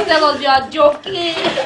yourself you're joking.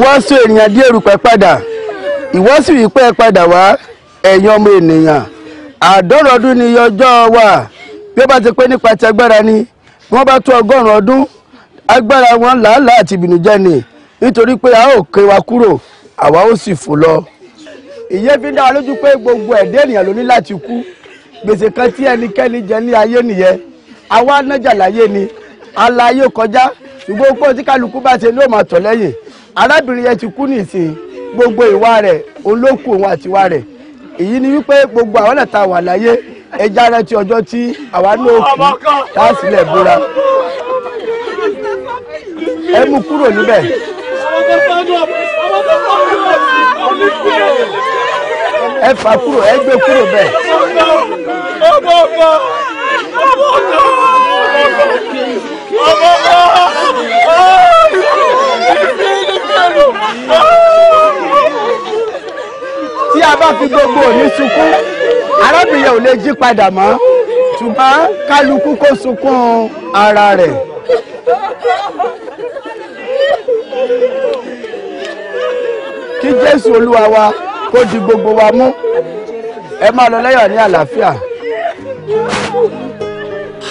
ìwọ ènìyàn dé erùpẹ̀ padà ìwọ sì wí pé padà wá ẹ̀yin ọmọ ènìyàn àádọ́rùn ọdún ni ọjọ́ wa bí ó bá ti pé nípa ti agbára ni wọ́n bá tó ọgọ́rùn ọdún agbára wọn làálàá àti a ó wa kúrò àwa lọ. ìyẹn fi ń gbogbo ènìyàn ló ní láti kú gbèsè kan tí ẹnikẹ́ni jẹ ní ayé nìyẹn àwa láyé ni alayé kọjá ṣùgbọ́n tí kálukú bá ṣe máa tọ̀ lẹ́yìn arábìnrin yẹn ti kú nísìn gbogbo ìwà rẹ olókùn òun àti ìwà rẹ̀ èyí ni wípé gbogbo àwọn náà ta wà láyé ẹja rẹ ti ọjọ́ tí àwa náà búra ẹ mú kúrò níbẹ̀. ẹ fà kúrò ẹ gbé kúrò bẹ́ẹ̀. tí a bá fi gbogbo òní sunkún arábìnrin ò lè jí padà mọ́ ṣùgbọ́n kálukú kó sunkún ara rẹ̀. kí jésù olúwa wa kó di gbogbo wa mú ẹ máa lọ lẹ́yọ̀ ní àlàáfíà.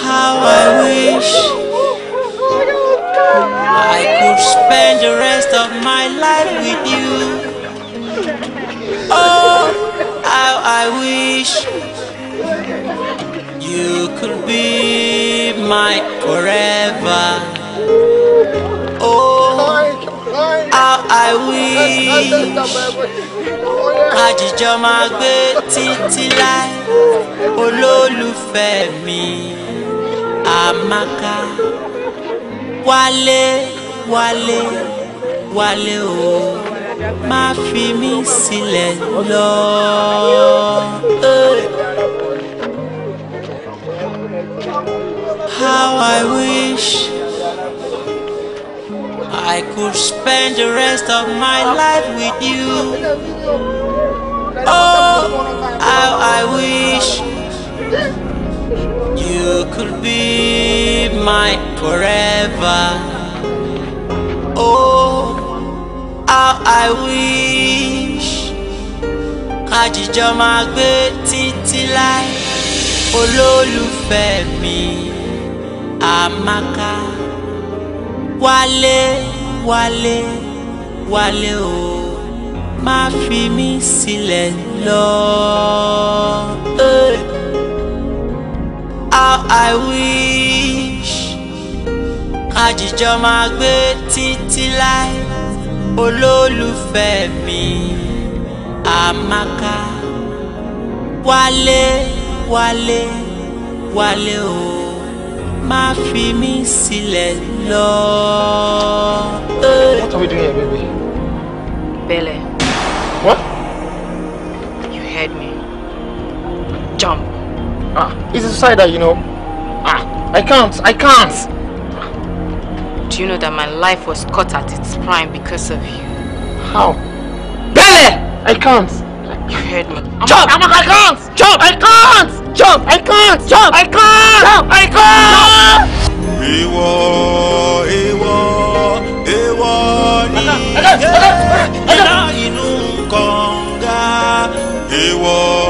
How I wish. I could spend the rest of my life with you. Oh, how I wish you could be my forever. Oh, how I wish. àjíjọ máa gbé títí láì mi Amaka wálé wálé wálé o má fi mí sílẹ̀ lọ. How I wish I could spend the rest of my life with you. Oh, how I wish. You could be mine forever. Oh, how I wish. Àjíjọ máa gbé títí láì. Olólùfẹ́ mi, Amaka. Wálé, wálé, wálé o. Má fi mí sílẹ̀ lọ. Hey how I wish kájíjọ máa gbé títí láì olólùfẹ́ mi àmàkà wálé wálé wálé o má fi mí sílẹ̀ lọ. What are we doing here, baby? Bele. It's a side that, you know, ah, I can't, I can't. Do you know that my life was cut at its prime because of you? How? Bele! I can't. You heard me. jump! A, I'm I can't! Jump! I can't! Jump! I can't! Jump! I can't! Jump! I can't! Ìwọ, ìwọ, ìwọ ni ìyá inú kànga. Ìwọ.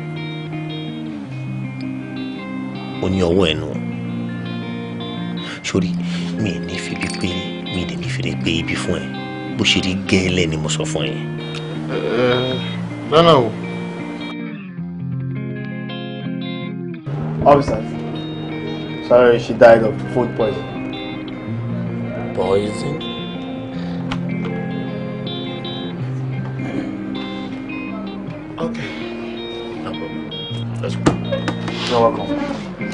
ó ní ọwọ́ ẹnu sórí mi ní fèrè pé mi ní fèrè pé ibi fún ẹ bó ṣe rí gẹ́lẹ́ ni mo sọ fún ẹ. rárá o. officers sorry she died of food poison. poison. okay. No problem. Let's go. You're welcome.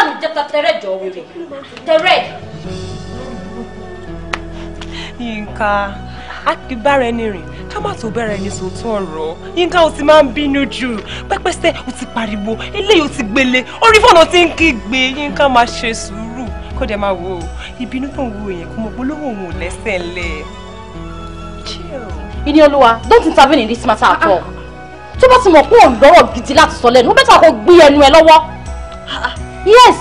bá mi jẹ́ ta tẹ́rẹ̀ jọ wèrè tẹ́rẹ̀. Yínká a kì í bára ẹni rìn ká má tó bẹ̀rẹ̀ ẹni sòótọ́ ọ̀rọ̀ Yínká o ti máa ń bínú jù pẹ́pẹ́sẹ́ o ti pariwo eléyìí o ti gbélé orí fọ́nà ti ń kígbe Yínká máa ṣe sùúrù kó dẹ̀ máa wò ó ìbínú tó ń wo èèyàn kó mọ gbólóhùn òun ò lẹ́sẹ̀ lẹ̀. Ìníolúwa don't intervene in this matter at all tó bá ti mọ̀ pé òǹdọ́rọ̀ gidi láti sọ lẹ́nu ó bẹ́tà kó gbé ẹnu ẹ lọ́wọ́. Yes,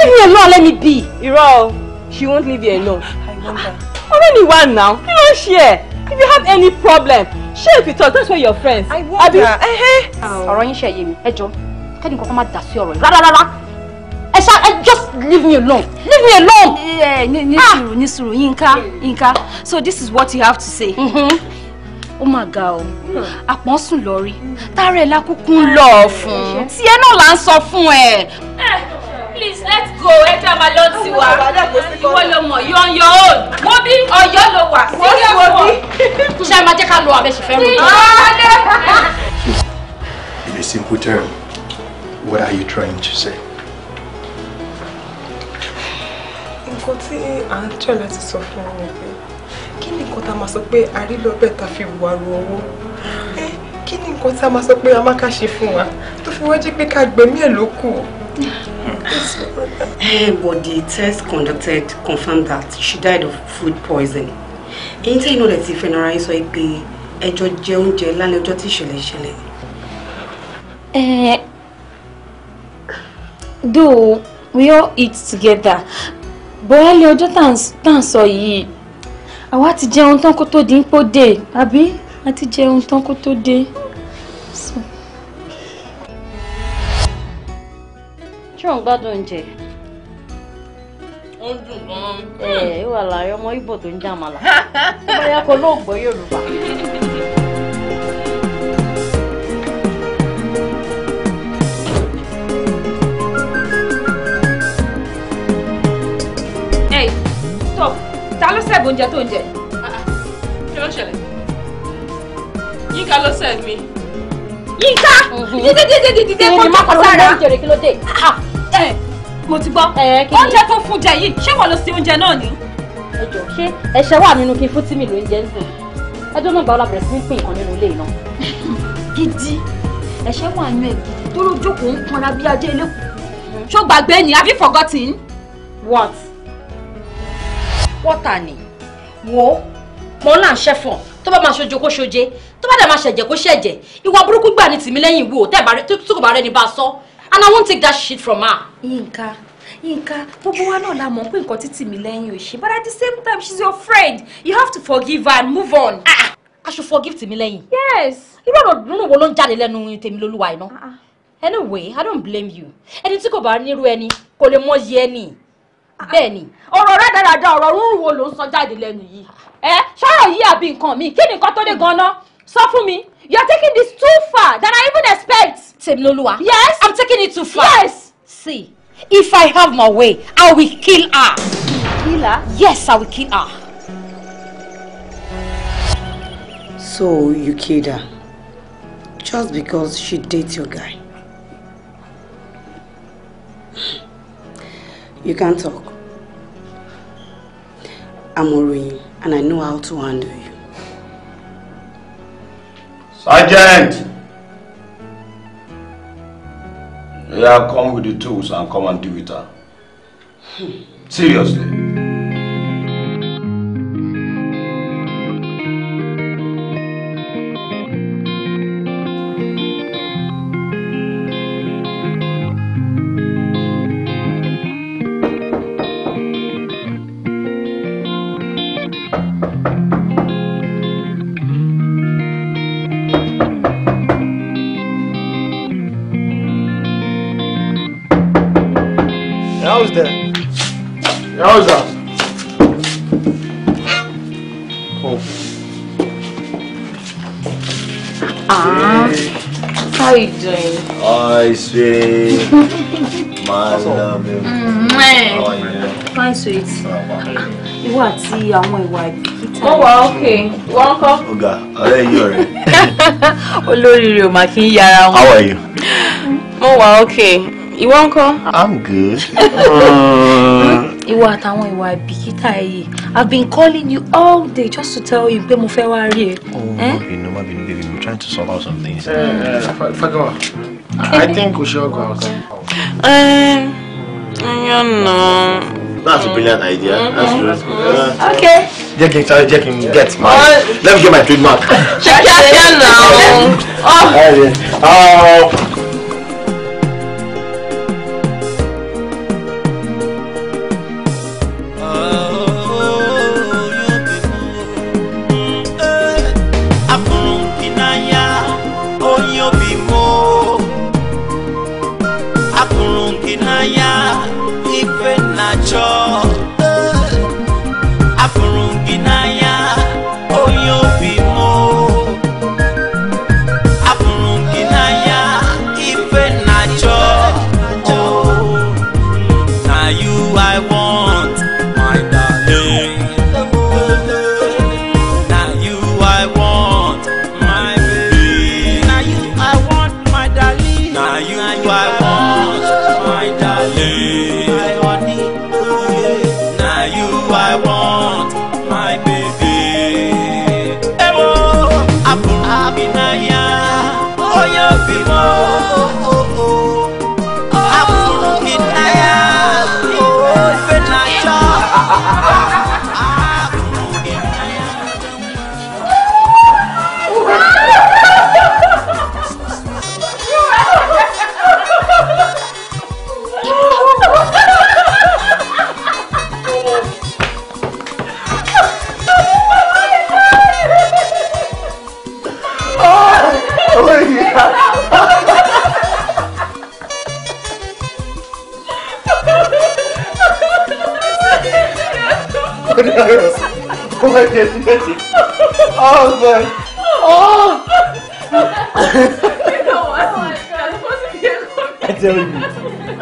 leave me alone, let me be. Irọ́, she won't leave you alone. I wonder. Ọ̀rẹ́ mi wà now, you don't share. If you have any problem, share if you talk, that's where your friends. I wonder. Abi, eh eh. Ọ̀rọ̀ yín ṣe yé mi, ẹ jọ̀ọ́, kẹ́ni kankan má dà sí ọ̀rọ̀ yìí rárá rárá. Ẹ ṣá ẹ just leave me alone, leave me alone. Ẹ ah! ní sùúrù Inka, Inka. so this is what you have to say. Mm-hmm ó oh mà ga o àpọ́n sùn lọ rí tààrẹ lákùkù ń lọ ah! fún un tiẹ̀ náà là ń sọ please let's go ẹ jẹ́ lọ sí wa ìwọ ló mọ̀ yọ yọ òòl mo bí ọ̀yọ́ ló wà sílẹ̀ fún ọ. ṣé máa jẹ́ ká lọ àbẹ̀ṣẹ̀ fẹ́ mi. In a simple term, what are you trying to say? nǹkan tí à ń tọ́ láti sọ fún ọ pé kí ni nǹkan tá a máa sọ pé a rí fi wà ru owó eh, kí ni nǹkan tá a máa sọ pé a ṣe fún wa tó fi wá jẹ́ pé ká gbẹ̀mí ẹ̀ ló kù Hey, but the test conducted confirmed that she died of food poisoning. Èyí tẹ́ inú rẹ̀ ti fẹnara yín sọ pé ẹjọ́ jẹ oúnjẹ lálẹ́ ọjọ́ tí ìṣẹ̀lẹ̀ ìṣẹ̀lẹ̀. Eh, though we all eat together, but early ọjọ́ tá à ń sọ yìí, àwa ti jẹun tán kó tó dín pò dé, àbí? A ti jẹun tán kó tó dé. So. ṣé òun gbádùn oúnjẹ. ó dùn gan. ẹ ẹ wà láàrin ọmọ Ìgbò tó ń jẹ àmàlà bóyá kò lóò gbọ́ Yorùbá. ta ló sẹ́ẹ̀bù oúnjẹ tó ń jẹ. Ah, ah. kí ló ń ṣẹlẹ̀ yíká ló sẹ́ẹ̀bù mi. Yínká dídí dídí dídí dídí kó jókòó sára. Ah, ah, eh, mo ti gbọ́ eh, oúnjẹ tó fún jẹ yìí ṣé wọ́n ló ṣe oúnjẹ náà ni. ẹ jọ ṣé ẹ̀ṣẹ̀ wà nínú kí fún tímì lóúnjẹ ń sìn ẹjọ́ náà gba ọlábẹ̀rẹ̀ sí pín nǹkan nínú ilé náà. gidi ẹ̀ṣẹ̀ wà nínú ẹ̀ gidi tó ló jókòó ń kanra bí ajé ilé kù ṣọ́gbàgbé ni have you forgotten. what? water ni wo mo là ń ṣẹ́fọ̀n tó bá máa ṣojo kó ṣoje tó bá dẹ̀ máa ṣẹ̀jẹ̀ kó ṣẹ̀jẹ̀ ìwà burúkú gbà ní tìmí lẹ́yìn ìwò tí kò bá rẹ́ni bá sọ and I won't take that shit from her. Yinka Yinka gbogbo wa náà la mọ̀ pé nǹkan tí tìmí lẹ́yìn ò ṣe but at the same time she's your friend you have to forgive her and move on. Ah, ah. I should forgive tìmí lẹ́yìn. yes. irú ọ̀rọ̀ dúnú wo ló ń jáde lẹ́nu tèmi lólúwa iná. Ah, ah. anyway I don't blame you ẹni tí kò bá nírú ẹni kò lè mọ yẹ ẹni bẹ́ẹ̀ ni ọ̀rọ̀ rádaràda ọ̀rọ̀ rúrùn wo ló ń sọ jáde lẹ́nu yìí ẹ ṣọ́rọ̀ yìí àbí nǹkan mi kí nìkan tó dé gan-an sọ fún mi you are taking this too far than I even expect. Tèmilolúwa yes I'm taking it too far. yes see if I have my way I will kill her. You kill her? yes I will kill her. so you killed her just because she dates your guy. You can talk. I'm amòròyìn and I know how to handle you. Sergeant! Yeah, come with the tools and come and do it. her. Hmm. Seriously. there. Yeah, how's that? Oh. Ah, how you doing? Hi, sweet. My love. Mm, how are you? Fine, sweet. You àti àwọn ìwà my wife. Oh wow. Okay. Welcome. Ọ̀gá, Are you ọ̀rẹ́. Olóríire ò mà kí ń How are you? Oh wow. Okay ìwọ ńkọ́. i'm good. ìwọ àtàwọn ìwà àbìkítà yìí i've been calling you all day just to tell you pé mo fẹ́ wá rí ẹ. oh no, eh? bínú má bínú baby i'm trying to sort out some things. Eh, eh, fagawa i think we should go out. ẹyọ náà. that's a brilliant idea. Mm-hmm. that's really good. Uh, okay. Jack can sorry, Jack can get my. let me get my trademark. Check, check, check now. Oh. Oh.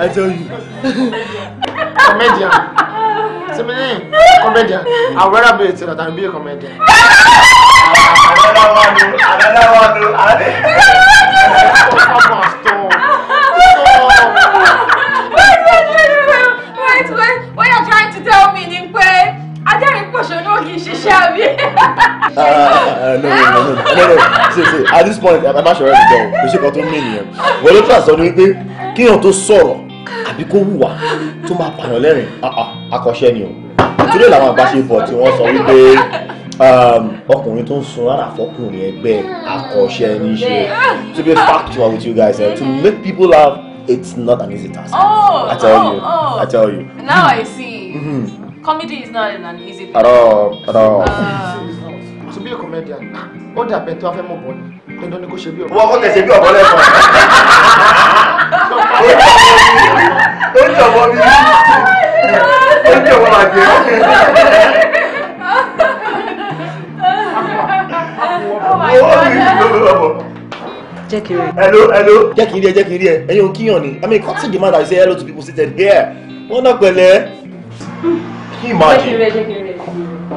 I tell you. comedian. See my name? Comedian. I'd rather be a sailor than be a comedian. Another one, oh. another one, oh. Wait, wait, wait, wait, wait, wait. What you're trying to tell me, Nimpe? Adẹ́rìn pọ̀ṣọ́ náà kì í ṣiṣẹ́ mi. Ah, ah, no, no, no, no, no, no. See, see, at this point, I'm not sure where to go. We should go to mí nìyẹn. Wọ́n ló tún àṣọ ni wípé kíyàn tó sọ̀rọ̀ àbí kó wùwà tó máa pààyàn lẹ́rìn ah, ah, akọ́ṣẹ́ ni o ìtúlẹ̀ làwọn àbáṣepọ̀ tí wọ́n sọ wípé um, ọkùnrin tó ń sun ara fọkùnrin ẹgbẹ́ akọ́ṣẹ́ ní ṣe to be factual with you guys eh? to make people laugh it's not an easy task oh, I tell oh, you oh. I tell you. now I see mm-hmm. comedy is not an easy thing. at all at all. Uh, to be a comedian ó dàbẹ̀ tó a fẹ́ mọ̀ bọ́ ni dandan ni kò ṣe bí ọ̀bọ. wọ́n kò tẹ̀sẹ̀ bí ọ̀bọ lẹ́kọ̀ọ́. ó ń ṣọ̀bọ mi ó ń ṣọ̀bọ àjẹ́ jẹ́ kí n rí hello hello jẹ́ kí n rí ẹ jẹ́ kí n rí ẹ ẹ̀yin ò kíyàn ni i mean come the man that say hello to people seated here wọ́n náà pẹ̀lẹ́. imagine. jẹ́ kí n rí ẹ jẹ́ kí n rí ẹ.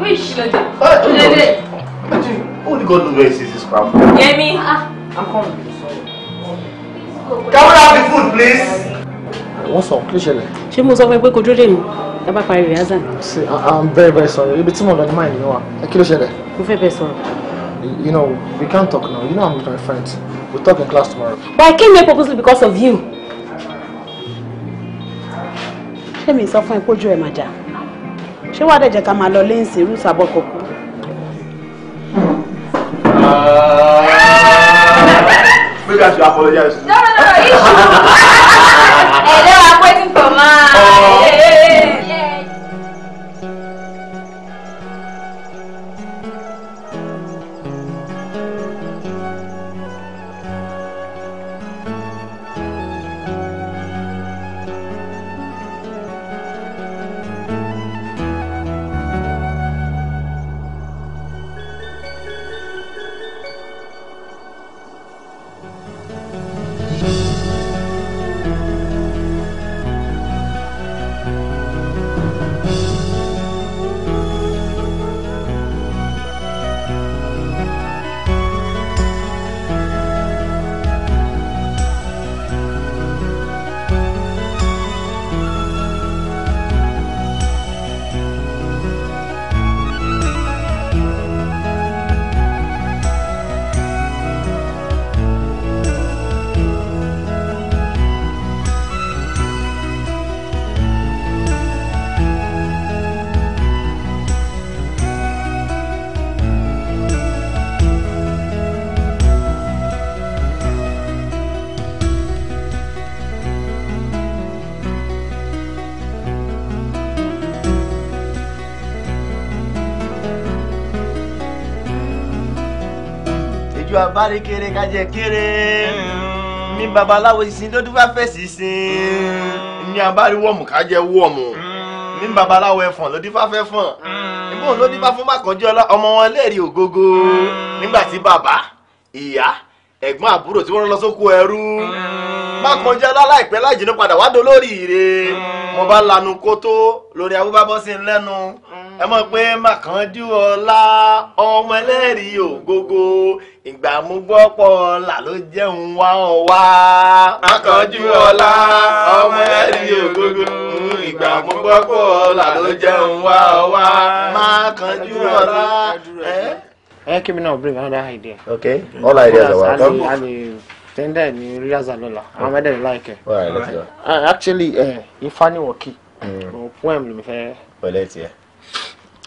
wish lọ́jọ́ ah, lẹ́lẹ́. imagine God knows where he sees his crowd. yẹmi. i'm coming. can we the food please wọ́n sọ sọ fún ẹ pé kò dúró dè mí parí rẹ̀ azan. sí i'm very very sorry ibi tí mo lọ ní máa nìyẹn wa kí ló ṣẹlẹ̀. mo fẹ́ bẹ sọ̀rọ̀. you know we can't talk now you know i'm with my friends we we'll talk in class tomorrow. but i came here purposely because of you. ṣé mi sọ fún ẹ kójú ẹ màjà ṣé wàá dẹ̀jẹ̀ ká máa lọ lẹ́yìn sí irú ìsàbọ̀kọ̀ kú. Make us apologize. No, no, no, issue. Hello, I'm waiting for mine. bàbá rí kéré ká jẹ kéré mi babaláwo sin ló dúpẹ́ fèsì sin mi àbárí wọ̀mù ká jẹ wọ̀mù mi babaláwo ẹ̀fọ̀n ló dífá fẹ́ fọ̀n ìbò ló dífá fún bàkànjẹ́ ọmọ wọn lẹ́ẹ̀rí ògógó nígbà tí bàbá ìyá ẹ̀gbọ́n àbúrò tí wọ́n lọ sóko ẹrú bákanjẹ́ láláìpẹ́ láìjìnnú padà wá dolóríire mo bá lanu kótó lórí abúbábọ́sí ńlẹ́nu ẹ mọ̀ pé Màkànjú ọlá ọmọ ẹlẹ́rìí ògógó ìgbà mú gbọ́pọ̀ là ló jẹun wá ọ wá. Màkànjú ọlá ọmọ ẹlẹ́rìí ògógó ìgbà mú gbọ́pọ̀ là ló jẹun wá ọ wá. Màkànjú ọlá ẹ. ẹ kí mi náà bring another idea. okay all ideas are welcome. tẹ́ndẹ̀ ni ríazà lọ́la àwọn mẹ́tẹ̀ẹ̀ni láìkẹ́. Uh, actually uh, ifá ni wọ́n kì. Mm. poem ló fẹ́. pẹ̀lẹ́ tiẹ̀.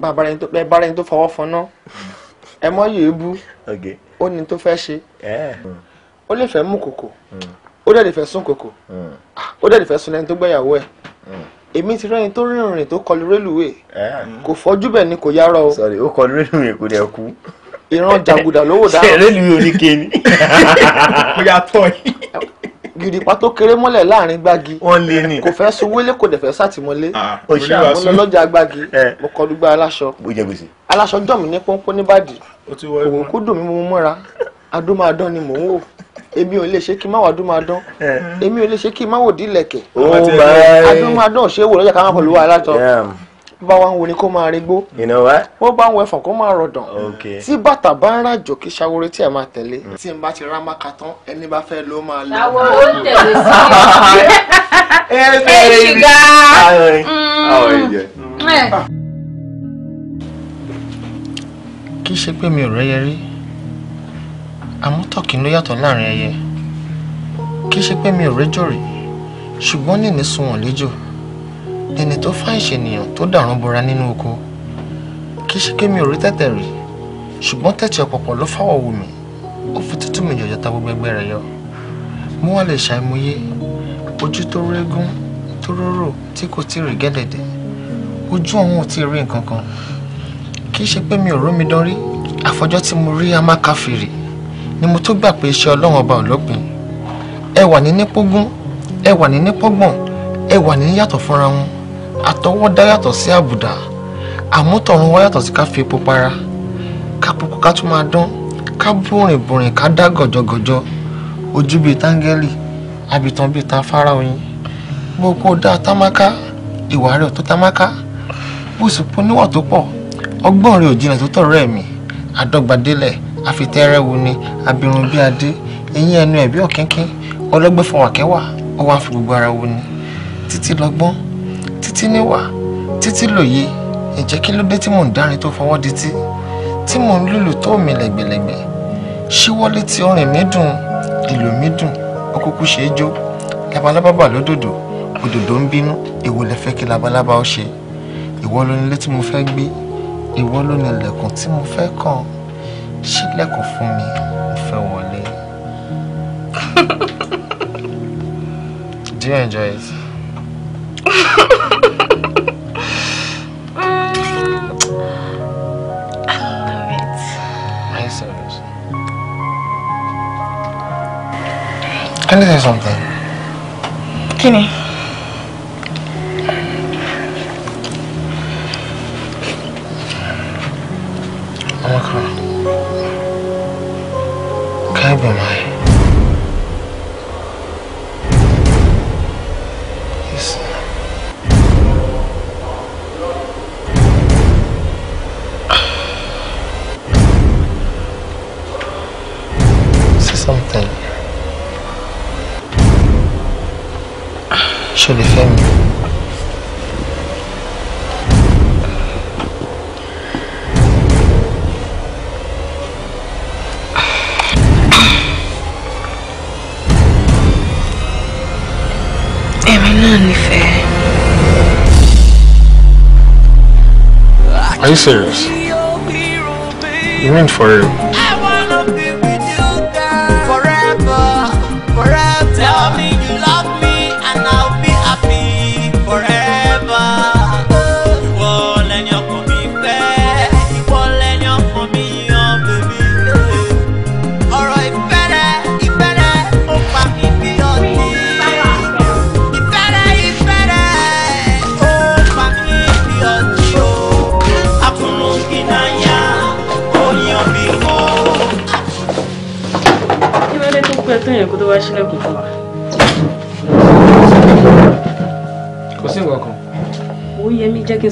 bàbá rẹ̀ ẹ bá rẹ̀ tó fọwọ́ fọn náà ẹ mọ́ yìí bú ó ní tó fẹ́ ṣe ó lè fẹ́ mú kòkò mm. ó dẹ̀ lè fẹ́ sún kòkò mm. ah, ó dẹ̀ lè fẹ́ sún lẹ́ni tó gbẹ́yàwó ẹ̀ mm. èmi ti rẹ́ni tó rìnrìn tó kọlu rélùwé kò fọ́jú bẹ́ẹ̀ ni kò yára o. sọrí ó kọlu rélùwé kò dẹ̀ kú. ìran jàgùdà lówó dáhùn. ṣe rélùwé oníke ni. kò yà tọ́ yìí gìrìpá tó kéré mọ́lẹ̀ láàrin gbági wọ́n lé ní kò fẹ́ sunwélé kò dẹ̀ fẹ́ sátìmọ́lé òṣìṣẹ́ ah, àmúlọ́lọ́jà gbági eh. mo kọ lùgbà aláṣọ aláṣọ jọ̀ mí ní pọ́npọ́n níbàdí òun kú dùn mí mo mọ́ra adúmáadán ni mò ń wò èmi ò lè ṣe kí n má wà adúmáadán eh. èmi ò lè ṣe kí n má wò dílẹ̀kẹ̀ oh adúmáadán ò ṣe é wò lọ́jà ká pẹ̀lú wa alátọ bá wa ń wọlé kó máa regbó. you know what. bó bá ń wọ ẹfọ̀n kó máa rọ̀dàn. ok tí bàtà bá ń ràjò kí ṣawore tí ẹ máa tẹ̀lé. Mm. tí n bá ti rá máka tán ẹni bá fẹ́ ló máa lọ. àwọn ò tẹ̀lé sí i. ẹ ṣìgá. Mm. Mm. Ah. Eh. kì í ṣe pé mi ò rẹ́yẹ rí àmọ́ tọ̀kì ló yàtọ̀ láàrin ẹyẹ kì í ṣe pé mi ò rẹ́jọ rí ṣùgbọ́n nìní sunwọ̀n léjò ẹni tó fà ìṣènìyàn tó dàrán bora nínú oko kì í ṣe kémi ò rí tẹ̀tẹ̀ rí ṣùgbọ́n tẹ̀tẹ̀ ọ̀pọ̀pọ̀ ló fáwọ̀ wù mí ó fi tútù mi yọ̀yọ̀ ta gbogbo ẹgbẹ́ rẹ̀ yọ mo wá lè ṣàìmọye ojú tó régún tó róró tí kò tí ì rí gẹ́dẹ̀dẹ̀ ojú ọ̀hún ò tí ì rí nǹkan kan kì í ṣe pé mi ò rómi dán rí àfọjọ́ tí mo rí amákàfìrì ni mo tó gbà pé iṣẹ́ ọlọ́run ọba ọ̀lọ́gbìn ẹ wà ní nípógún ẹ wà ní nípọ́gbọ̀n ẹ wà ní yàtọ̀ fúnra wọn àtọwọ́dá yàtọ̀ sí àbùdá àmọ́ tọ̀run wá yàtọ̀ sí ká fi epo para ká pupa ká tún máa dán ká bùrìn bùrìn ká dá gọ̀jọ̀gọ̀jọ ojú bíi táńgẹ́lì àbìtàn bíi ta fara oyin bó kó dá támákà ìwà rẹ̀ tó támákà bó sì pọ̀ níwọ̀n tó pọ̀ ọgbọ́n rẹ̀ ò jìnà tó tọ̀rọ̀ ẹ̀mí àdọ́gbadélẹ̀ àfitẹ́rẹ́wu ni abirun bíi adé eyín ẹnu ẹ̀bí ọ̀kínkín ọlọ́gbẹ́fọwàkẹ́wà ó wá gbogbo ara wo ni títí lọ́gbọ́n títí níwà títí lòye ẹ̀jẹ̀ kí ló dé tí mò ń dárin tó fọwọ́ di tí mò ń lùlù tó mi lẹ̀gbẹ̀lẹ̀gbẹ̀ ṣíwọ́lé tí ọrìn mi dùn ìlù mi dùn ọkùnkùn ṣe é jó labalábá bà lódòdó òdòdó ń bínú èwo lẹ fẹ́ kí labalábá ó ṣe ìwọ ló nílé tí mo fẹ́ gbé ìwọ ló ní ilẹ̀kùn tí mo fẹ́ kàn ṣílẹ̀kùn fún mi mo fẹ́ wọlé. Do enjoy it? Can I say something? Kíni. Mama, can I be my Are you serious? You mean for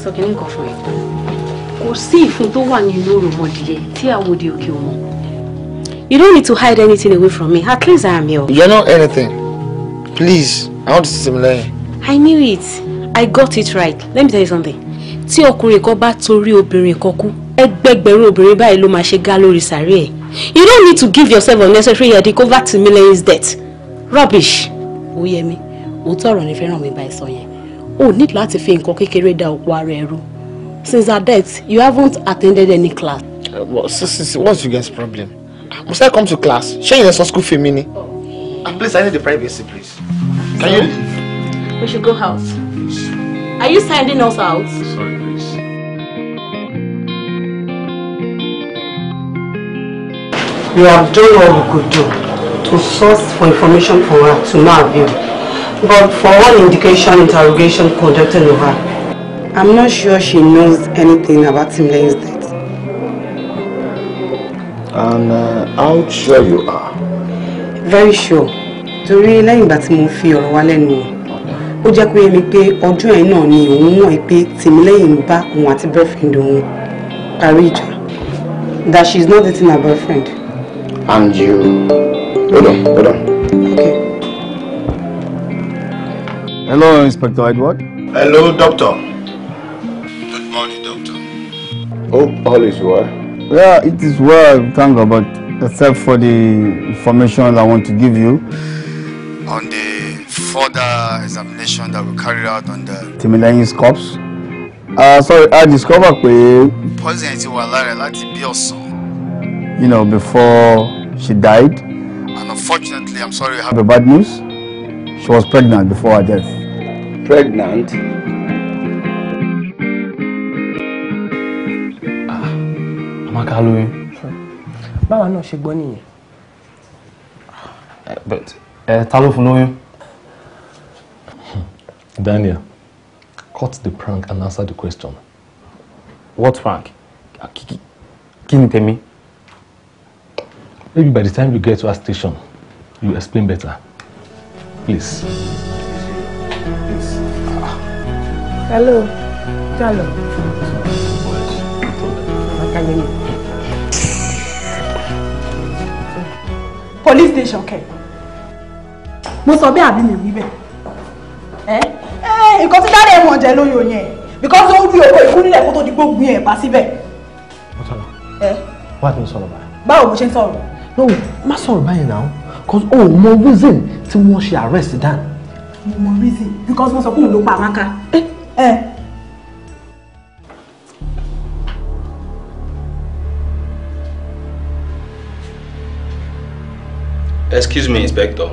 sọ kínní kan fún ẹ kò sí ìfun tó wà nínú òròmọdìyẹ tí àwòdì òkè òmò you don't need to hide anything away from me at least I am here. you know anything please I want to see Timileyin. I knew it I got it right let me tell you something tí ọkùnrin kan bá torí obìnrin kan kú ẹgbẹgbẹ̀rún obìnrin báyìí ló máa ṣe gá lórí sàárè ẹ̀ you don't need to give yourself unnecessary headache over Timileyin's death rubbish. ó mi òótọ́ ọ̀rọ̀ ni fẹ́ràn mi bá ẹ sọ yẹn Oh, need láti fi nǹkan kékeré da òpó ara ẹ rú since her death you haven't attended any class. Uh, well, see, see, what's your guys problem ah, must I come to class ṣé yẹn sọ school fee mi ni. and ah, please I need the privacy please. can Sorry? you. we should go out. Please. are you sending us out. Sorry, please. You have done all you could do to source for information for her to now view. But for one indication interrogation conducted of her, I'm not sure she knows anything about Timle's death. And uh, how sure you are? Very sure. To lẹ́yìn ìgbà tí mo fi ọ̀rọ̀ wá lẹ́nu ó jẹ́ pé mi pé ọjọ́ ẹ̀ náà ni òun mọ̀ pé Tìmílẹ́yìn bá òun boyfriend òun parí ìjà. That she's not dating her boyfriend. And you... Hold on, hold on. Okay. Hello, Inspector Edward. Hello, Doctor. Good morning, Doctor. Oh, all is well. Yeah, it is well, thank God, but except for the information I want to give you. On the further examination that we carried out on the... Timilehin's corpse. Uh, sorry, I discovered pé... Poison ti wà lára láti bí You know, before she died. And unfortunately, I'm sorry, I have the bad news. She was pregnant before her death pregnant. ah amaka lóyún. báwa náà ṣe gbọ́ nìyẹn. Eh, but ẹ eh, ta ló fún lóyún. Daniel cut the prank and answer the question. what prank? Ah, kí ni tèmi. maybe by the time you get to our station you explain better please. Hello, hello. Police station okay. Mo sọ bẹ́ẹ̀ àbí mi Eh? Eh? Because ẹ́ nǹkan tí dáre ẹ̀wọ̀n jẹ Because ó ń fi òkú ikú photo kó book di gbógun ẹ̀ bá síbẹ̀. Mo sọ̀rọ̀. Ẹ́. Wá mi sọ̀rọ̀ báyìí. Báwo mo No, má sọ̀rọ̀ báyìí náà. Cause oh, more reason tí wọ́n ṣe arrest Dan mo reason because wọ́n sọ pé òun ló pa àmáka. Eh, eh. Excuse me, Inspector.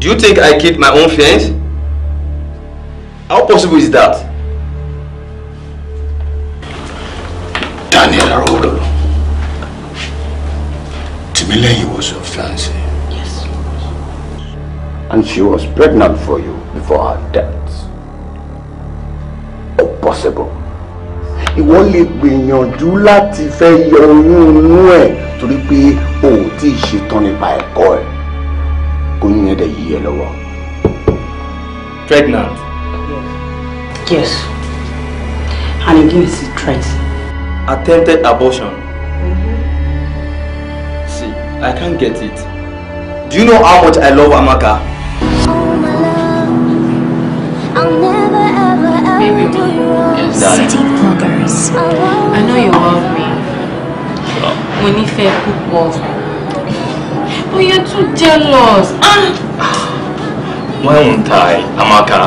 Do you think I keep my own fiance? How possible is that? Daniel Arolo. Timileyi was your fiance and she was pregnant for you before her death. Ó possible. Ìwọ lè gbìyànjú your fẹ́ yọ oyún inú ẹ̀ to pé o ò she ì ṣetán nípa ẹ̀kọ́ ẹ̀. Kò yín ẹ̀dẹ̀ yí ẹ Pregnant? Yes. And again, she tried. Attempted abortion. Mm-hmm. See, I can't get it. Do you know how much I love Amaka? I'll never ever ever do wrong. City vloggers, I know you love me. Mo nífẹ̀ẹ́ púpọ̀. But you're too jealous. Ah. Why won't I, Amaka?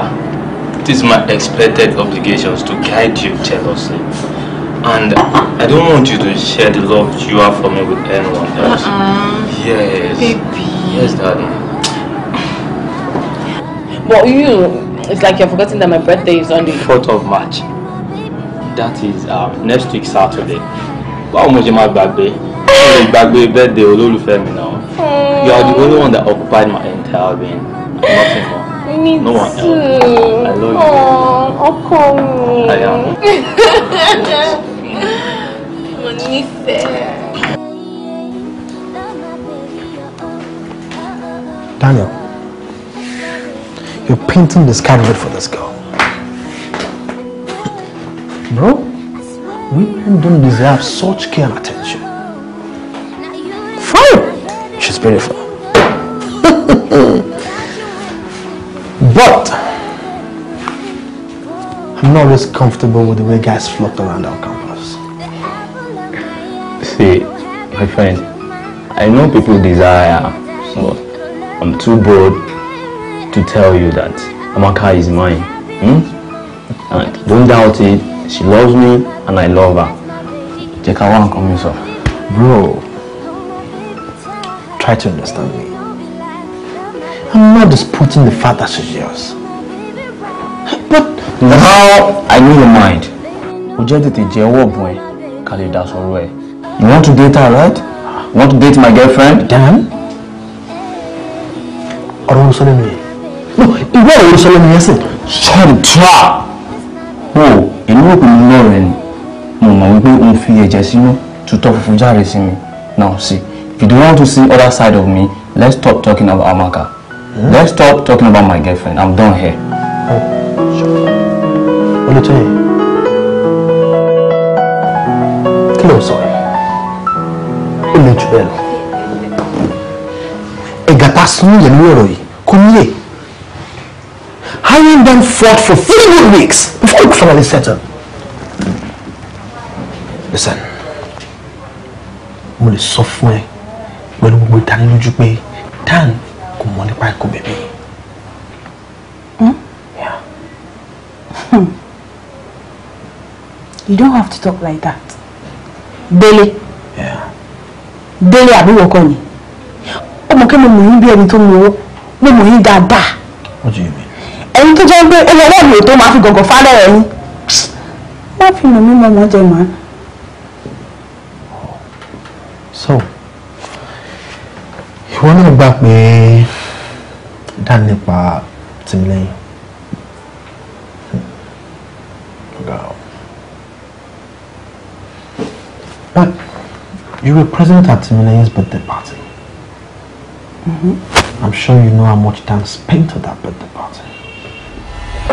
It is my expected obligations to guide you jealously. And I don't want you to share the love you have for me with anyone else. Uh-uh. Yes. Baby. Yes, darling. But you, It's like you're forgetting that my birthday is on the 4th of March. That is um, next week Saturday. Báwo mo ṣe máa gbàgbé? Mo lè birthday olólùfẹ́ mi You are the only one that occupied my entire being. Nothing more. Me no one else. I love Aww, you. Ọkọ mi. I am. Mo nífẹ̀ẹ́. Daniel. You're painting the sky red for this girl. Bro, women don't deserve such care and attention. Fine! She's beautiful. but, I'm not always comfortable with the way guys flocked around our campus. See, my friend, I know people desire, but I'm too bored to tell you that Amaka is mine. Hmm? And don't doubt it. She loves me and I love her. Jeka, I want to come yourself. Bro, try to understand me. I'm not disputing the fact that she's yours. But now I know your mind. O jẹ́ tètè jẹ́ ọwọ́ ọ̀bùn ẹ̀ ká lè You want to date her, right? You ah. want to date my girlfriend? Damn. Ọ̀rọ̀ wo sọ ìwé àwọn olùsọ́lọ́ ni yẹn sè. ṣọ́ọ̀dúrà o ìlú òkun lọ́rẹ̀ ni mo mọ̀ wípé mo fi ẹ̀jẹ̀ sínú tutọ́ funfun jáde sí mi now see if you don't want to see other side of me let's stop talking about Amaka hmm? let's stop talking about my girlfriend I'm done here. olùtọ́yẹ oh, kí ló ń sọ yìí ó lè jù bẹ́ẹ̀ lọ ẹ̀gà tá a sún yẹn lórí ọ̀rọ̀ yìí kò níyè. Hiring them fought for three good weeks before it finally settled. Listen, mo lè sọ fún ẹ pẹ̀lú gbogbo ìdánilójú pé Dan kò mọ̀ nípa ikú bèbè. Hmm? Hmm. You don't have to talk like that. Délé. Délé àbúrò ọkọ ni. Ọmọ kí mo mọ̀ yín bí ẹni tó mú owó. Mo mọ̀ yín dáadáa. What do you mean? ẹ̀yin tó jẹ́ pé ó lọ wọ́ọ̀lù tó máa fi gọ̀gọ̀ fálẹ̀ rẹ̀ yín wá fi hàn mí mọ̀mọ́ jẹ màá. so ìwọ náà gbà pé dánípa tìmí lẹ́yìn. But you were present at Timileye's birthday party. Mm-hmm. I'm sure you know how much time spent at that birthday party.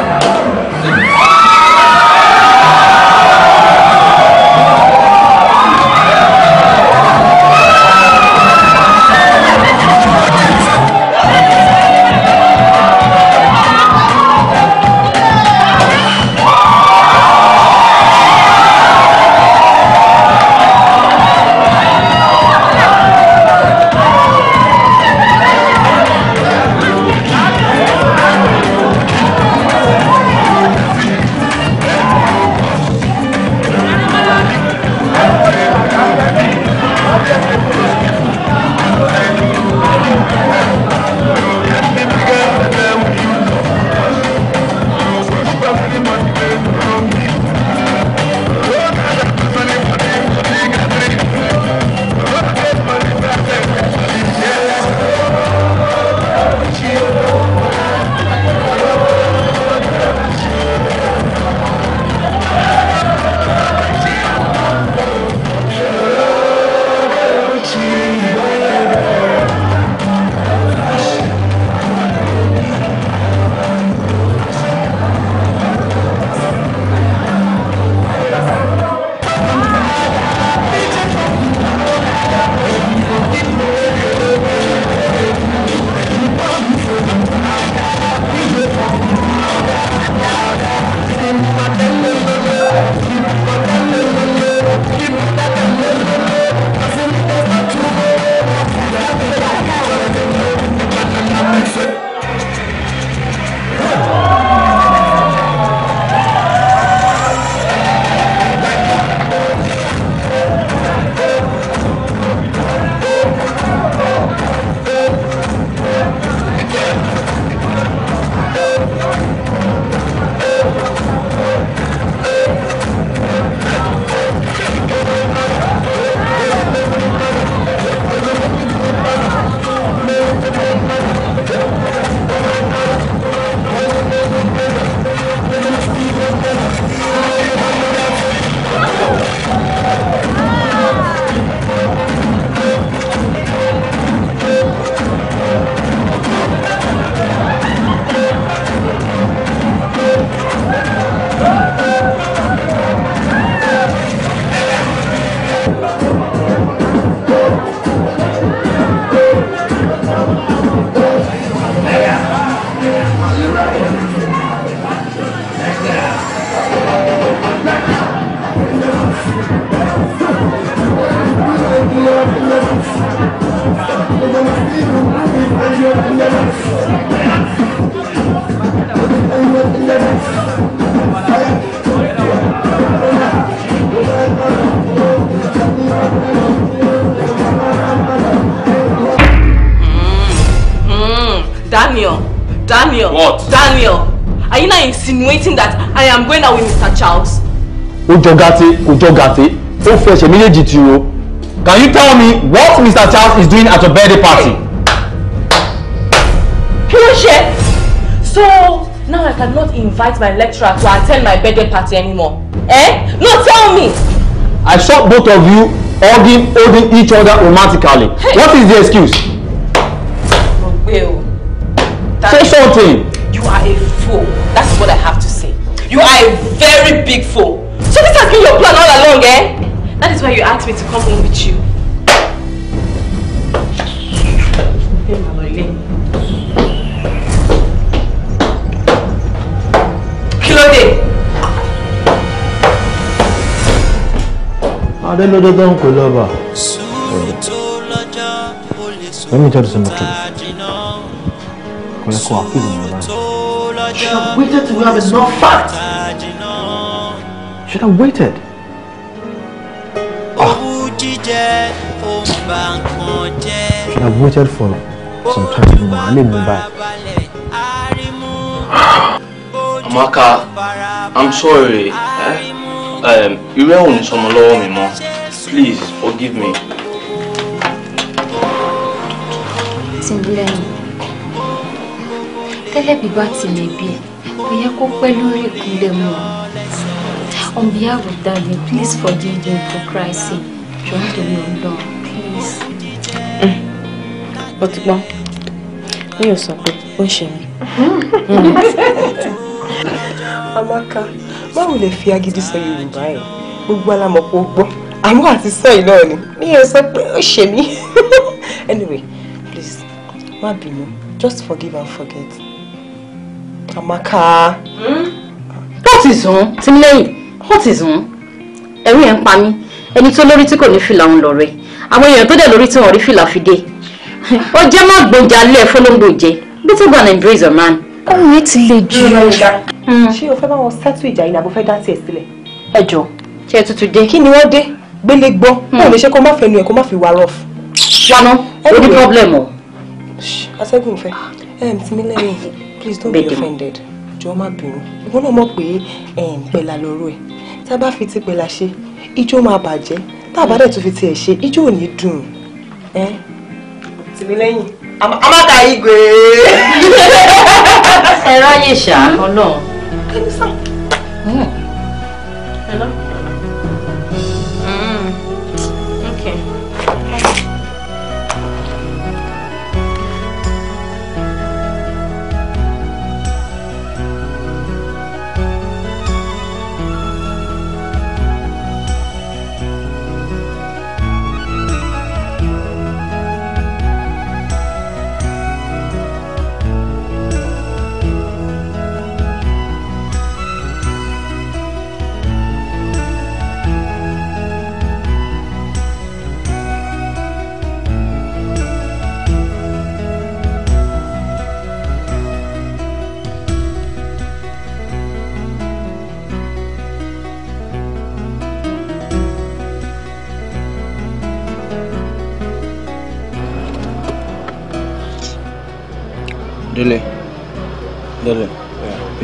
Thank jọ gàtè kò jọ gàtè ó fẹsẹ̀ méjèèjì tì o can you tell me what Mr. Charles is doing at your birthday party. kí ló ṣe so now I cannot invite my lecturer to attend my birthday party anymore eh no tell me. I saw both of you hugging holding each other romantically hey. what is the excuse. Rogbe Say something. You are a fool. That's what I have to say. You are a very big fool. So this has been your plan all along, eh? That is why you asked me to come home with you. Kí ló dé? know tó ń kò lover. Let me tell you something. Kò lè kó àpèjì mi lára. You have waited till we have enough facts. Should have waited. Oh. Should have waited for some time I need to back. Amaka, I'm sorry. Eh? Um, irú ẹ̀wọ̀n ni sọmọ lọ́wọ́ mi Please forgive me. Tìǹbìlẹ́yìn, tẹ́lẹ̀ bí in tilẹ̀ bí We are going to pẹ́ lórí ìkúnlẹ̀ mọ́. On behalf of daddy, please forgive him for Christ's sake. John to be on please. Mm. Ó ti pọ́n. Mi ò sọ pé ó ń ṣe mí. Amaka, báwo lè fi agídí sọ Yorùbá ẹ̀? Gbogbo alámọ̀pọ̀ gbọ́. Àmọ́ àti sọ yìí náà ni. Mi ò sọ pé ó ṣe mí. Anyway, please, má bínú. Just forgive and forget. Amaka. is sùn, tí lẹ́yìn what is wrong? ẹ̀rí ẹ̀ ń pa mí ẹni tó lórí tí kò ní fìlà ń lọ rẹ àwọn èèyàn tó dẹ̀ lórí tí wọ́n rí fìlà fi dé ó jẹ́ má gbọ́njà lé ẹ̀fọ́ ló ń gbòjẹ́ better go and embrace a man. ọ̀hún yẹn ti le jù. Hmm. ṣé o fẹ́ bá wọn sẹ́tù ìjà yìí àbò fẹ́ dá tiẹ̀ sílẹ̀. ẹ jọ ṣé ẹ tuntun dé. kí ni wọ́n dé gbélé gbọ́ hmm. báwo lè ṣe kó má fẹnu ẹ̀ kó má fi wà rọ̀f. wọnà problem o. atẹ́gùn ìfẹ́ ẹ̀ ń tí please don't be offended jọ má bínú ìwọ náà mọ̀ pé pẹ̀lá lọ́rọ̀ ẹ̀ tá a bá fi ti pẹ̀lá ṣe ijó máa bàjẹ́ tá a bá dẹ̀ tún fi tiẹ̀ ṣe ijó ò ní dùn ẹ́ tìmí lẹ́yìn amáta igwe. ẹ̀rọ ayé ṣàkọ́ náà. kẹ́mi sàn. Hmm. ẹ̀rọ.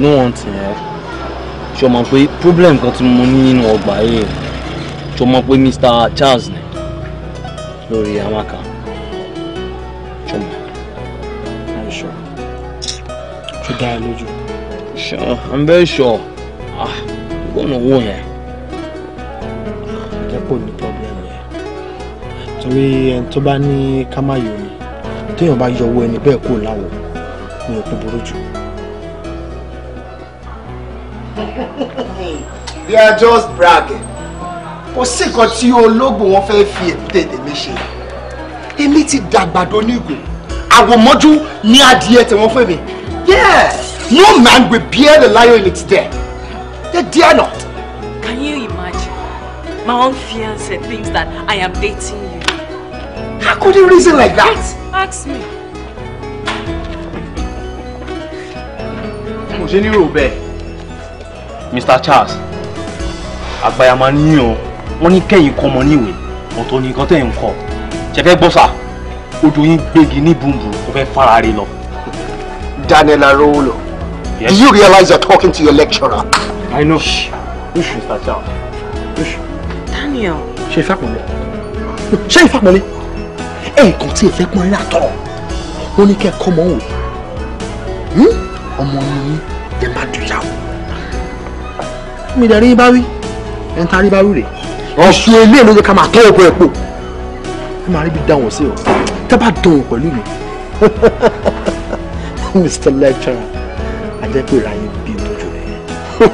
níwọ̀n tìyẹn ṣo mọ̀ pé problem kan tí mo ní nínú ọgbà yìí ṣo mọ̀ pé Mr. Charles ni lórí amaka ṣo mọ̀. I'm sure. ṣe dá lójú. sure I'm very sure ah gbọ́dọ̀ wò yẹn. ǹjẹ́ kò ní problem yẹn torí ẹni tó bá ní ká má yọ ni téèyàn bá yọwọ́ ẹni bẹ́ẹ̀ kó láwọ̀ ní òpin burú jù. they are just bragging kò sí nǹkan tí ológun wọn fẹ́ fi èkúté tèmi ṣe èmi ti dàgbà donígò àwòmọ́jú ní adìyẹ tí wọ́n fún mi yeah no man will bear the lion in its den they dare not. can you imagine my own fiance thinks that i am dating you. how could you reason like that. ask me. mo ṣe ní Robert? Mr. Charles àgbàyà máa ní yàn wọ́n ní kẹ́yìn kọ́ ọmọ níwèé ọ̀tọ̀ ní nǹkan tẹ̀ ń kọ́ ṣe fẹ́ gbọ́ sà ojú yín gbégi ní bùnbùn kò fara rẹ lọ. Daniel Arolo, yes. do you realize you're talking to your lecturer? I know. Shh. Shh, Mr. Chow. Shh. Daniel. Ṣé ìfẹ́ pọ̀nlé? Ṣé ìfẹ́ pọ̀nlé? Ẹ̀ẹ̀kan tí ìfẹ́ pọ̀nlé náà tọ̀, wọ́n ní kẹ́ ẹ̀ kọ́ ọmọ òwe. Hmm? Ọmọ ni yín, ẹ má dùn Mi dẹ̀ rí bá ẹni tá a rí bá rúre ọ̀sùn ilé ló yẹ ká máa tọ́ ọ̀pọ̀ ẹ̀pọ̀ ẹ máa rí bí dáhùn sí ọ tẹ́ bá dùn pẹ̀lú mi Mr. Lecturer ajẹ́pẹ̀ ráyé bí ojú rẹ̀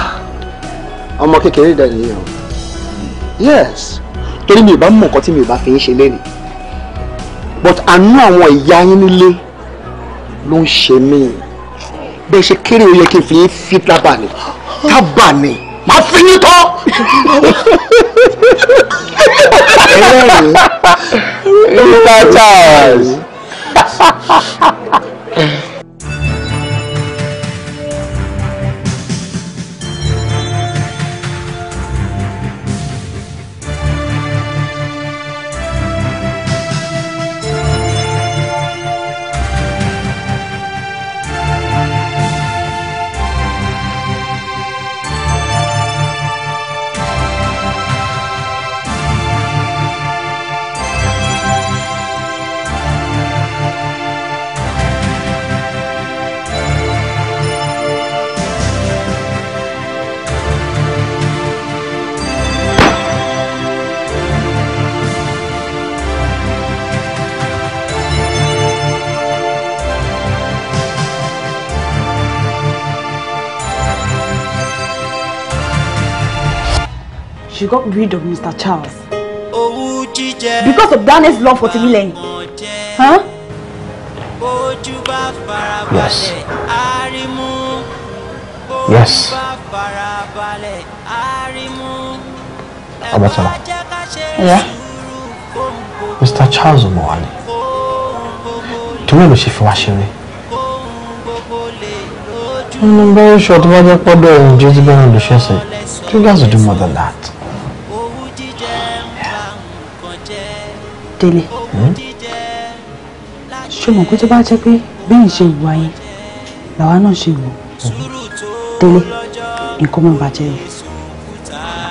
ọmọ kékeré dẹ̀ nìyẹn o yes torí mi ò bá mọ̀ nǹkan tí mi ò bá fi ń ṣe lẹ́nu but àánú àwọn ìyá yín nílé ló ń ṣe míì bẹ́ẹ̀ ṣe kéré ó yẹ kí n fi yín fi tábà ni tábà ni màá fi yín tọ́. ẹlẹ́rìí ẹlẹ́rìí she got rid of Mr. Charles. Because of Danny's love for Timilen. Huh? Yes. Yes. Abatola. Yeah? Mr. Charles Omohale. Torí ẹ̀ ló ṣe fi wá I'm very sure the mother put her Jesus, Jezebel and the Shese. She has to do more than that. délé hmm? ṣé mọ̀ pé tó bá jẹ́ pé bí n ṣe ìwà yẹn làwa náà ṣe wò délé nǹkan mọ̀ bàjẹ́ yẹn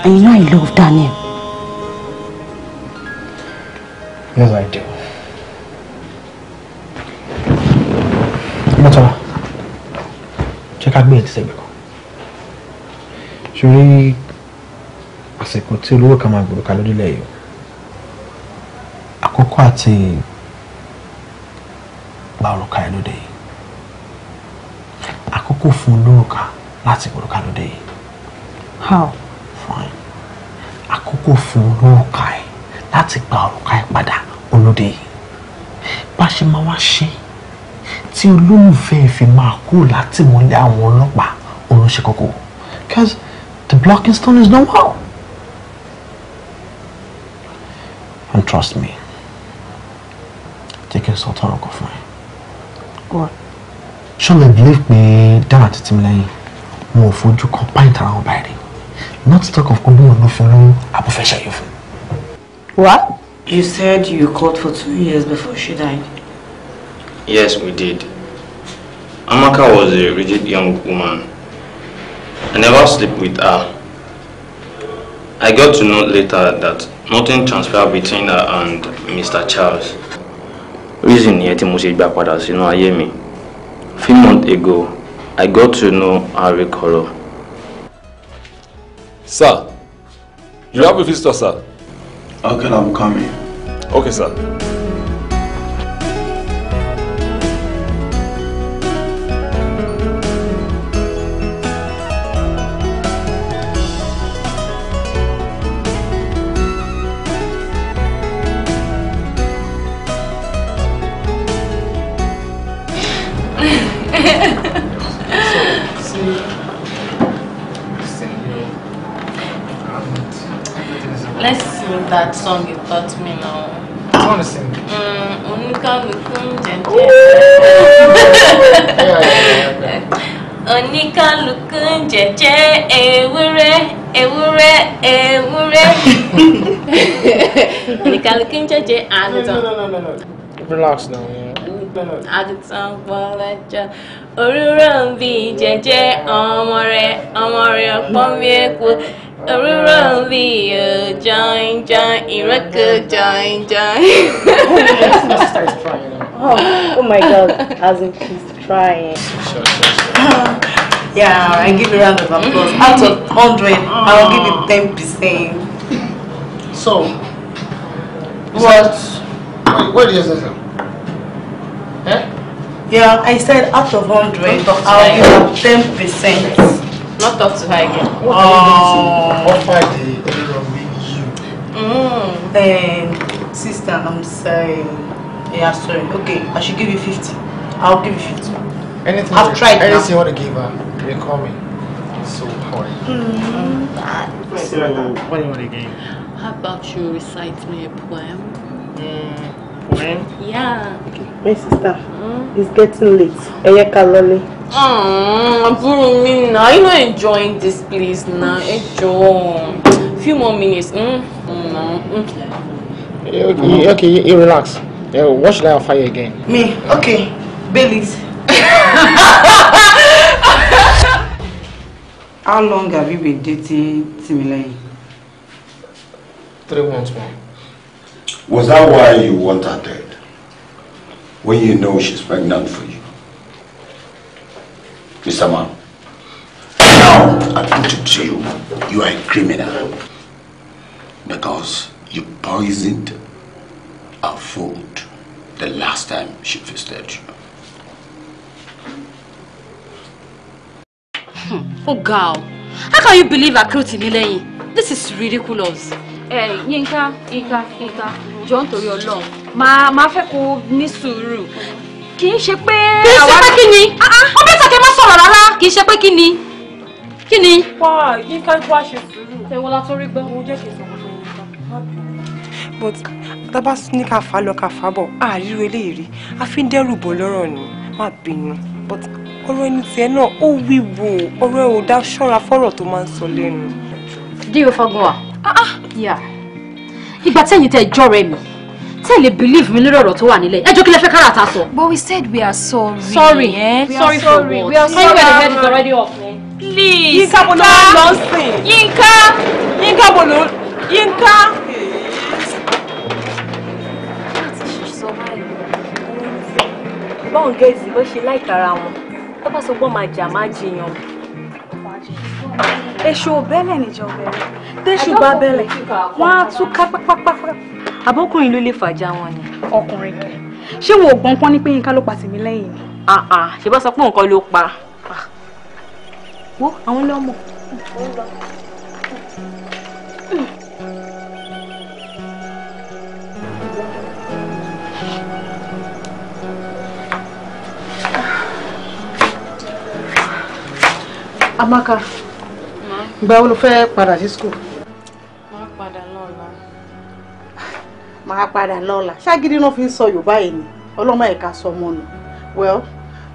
and you know I love Daniel. Yes, I do. Mọ́tọ́lá, jẹ́ ká gbé ìtìsẹ́ ìgbẹ̀kọ́. Ṣorí àsìkò tí olówó kan máa gbòòrò ká lórílẹ̀ yìí àkókò àti gba ẹ lóde yìí àkókò fún olórùka láti gbòrùka lóde yìí. how. fine àkókò fún olórùka ẹ láti gba òrùka ẹ padà olóde yìí bá ṣe máa wá ṣe tí olólùfẹ́ fi máa kú látìmọ́lé àwọn ọlọ́pàá òun kókó because the blocking stone is no more and trust me sọ tọrọ kan fún ẹ. ṣọlẹ̀ believe pé dára àti tìmílẹ́yìn wọn ò fojú kan pint ara wọn báyìí not talk of pé wọn ló fi rán abúfẹ́ṣẹ́ yìí fún. What? You said you called for two years before she died. Yes, we did. Amaka was a rigid young woman. I never slept with her. I got to know later that nothing transpired between her and Mr. Charles reason yẹn tí mo ṣe gbà padà sínú ayé mi few months ago I got to know Harry Koro. Sir, you have a visitor, sir. Okay, I'm coming. Okay, sir. that song you taught me now. I want to sing. Mm, oníkálukú ń jẹjẹ. oníkálukú ń jẹjẹ ewúrẹ́ ewúrẹ́ ewúrẹ́. no, no, no, no. Relax now. Yeah. Àgùntàn gbọ́lẹ́jọ́ òróró ń bí jẹjẹ ọmọ rẹ̀ ọmọ rẹ̀ ọpọ́n bí epo. Aurora join, join, Iraka, join, join. she starts crying. Oh, oh my god, as if she's crying. Yeah, I give you a round of applause. Out of 100, I'll give you 10%. So, what? what did you say, sir? Yeah, I said out of 100, I'll give you 10%. Not talk to her again. What oh. offer the error with you? Mm. And sister, I'm sorry. Yeah, sorry. Okay, I should give you 50. I'll give you 50. Anything I've you, tried anything now. you want to give her, you call me. So, how are you? Mm. So, what do you want to give? How about you recite me a poem? Mm. Yeah. My sister, mm. it's getting late. Ẹ yẹ ká I'm hmm, Àbúrò mi náà, you not enjoying this place now. Enjoy. few more minutes. Mm. Mm. Okay, eh, okay, eh, you, you relax. Uh, watch that fire again. Me? Okay. Baileys. How long have you been dating Timileyin? Three months, ma'am. Was that why you want her dead? When you know she's pregnant for you? Mr. Man, now I put it to you, you are a criminal. Because you poisoned our food the last time she visited you. Hmm. Oh, girl, how can you believe I killed Tinilei? This is ridiculous yínká yínká yínká jọ nítorí Ọlọ́run máa máa fẹ́ kó ní sùúrù kì í ṣe pé. kì í ṣe pé kí ni ah, ah. ó bẹ́ẹ̀ tàkẹ́ má sọ̀rọ̀ rárá kì í ṣe pé kí ni kí ni. wá yínká wá ṣe sùúrù. ẹ̀wọ̀n la torí gbọ́. mo jẹ́ kí n sọ fún yínká. but tábà ní ká fà lọ ká fà bọ̀ àríro eléyìí rí a fi ń dẹ́rù bọ̀ lọ́rọ̀ ni má bínú but ọ̀rọ̀ ẹni tiẹ̀ náà ó wíwo ọ̀rọ̀ ẹ̀ ò dá ṣọ́ra fọ́rọ̀ tó máa ń sọ lẹ́nu. díò fagun wa. Ah, Yeah, ìgbà tẹ̀yìn tẹ̀ jọ̀rẹ̀ mi tell lè believe me, lórí ọ̀rọ̀ tó wà nílẹ̀ ẹjọ́ kí lẹ fẹ́ ta sọ. but we said we are sorry. sorry eh? we sorry, sorry for what. we are sorry when the head is already off. please Yinka bolo lọ sìn. Yinka Yinka bolo Yinka. bọ́ǹgẹ́sì bó ṣe láìkara wọn tó bá sọ pé ó máa jà máa jiyàn èṣù òbẹ́lẹ̀ níjà òbẹ̀rẹ̀ téṣù bá bẹ̀lẹ̀ wọ́n á tún ká pápápá. àbókùnrin ló lè fàjà wọn ni. ọkùnrin kẹ ṣé wọn ò gbọ́n pọ́n ní pé Yínká ló pa tèmi lẹ́yìn ni. Ah, ah. ṣé bá sọ pé nǹkan ló pa. Ah. wo àwọn lọ́mọ. Amaka, ìgbà wo ló fẹ́ padà sí school. máa padà lọ́la. máa padà lọ́la ṣáàgídí náà fi ń sọ yorùbá yìí ni ọlọ́mọ ẹ̀ka sọ ọmọ nù well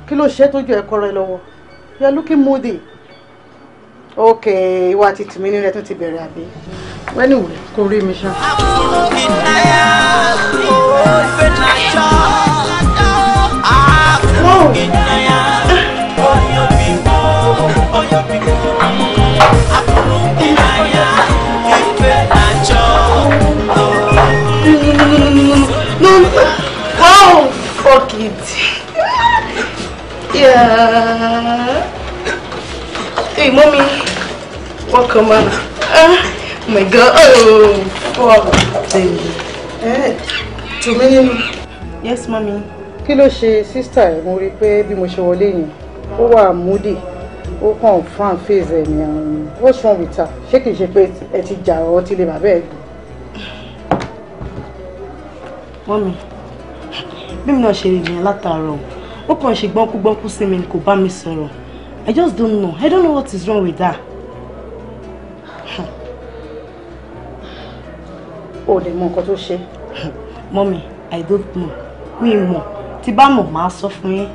kí ló ṣe tójú ẹ̀kọ́ rẹ lọ́wọ́ you are looking moody ok ìwà àti tìmí nínú ẹ tún ti bẹ̀rẹ̀ àbí wẹ́nì wẹ̀ kò rí mi ṣá. Whoa. Yeah. Hey, mommy. Welcome, man. Ah, oh my God. Oh, wow. Oh, Thank oh. Eh, too many. Yes, mommy. Kí ló ṣe sister ẹ̀ mo rí i pé bí mo ṣe wọlé yẹn, ó wà moody ó kàn fún àfíìsì ẹ̀ ní àwọn um, what's wrong with her ṣé kìí ṣe pé ẹ ti jà ọ́ tí lè bàbá ẹ̀ gbọ́. mọ́mi bí mi náà ṣe rí ìyẹn látàárọ̀ ó kàn ṣe gbọ́nkúgbọ́nkú sí mi kò bá mi sọ̀rọ̀ I just don't know I don't know what is wrong with her. o lè mọ nǹkan tó ṣe. mọ́mi I don't know mi mọ̀ tí bá mọ̀ máa sọ fún yín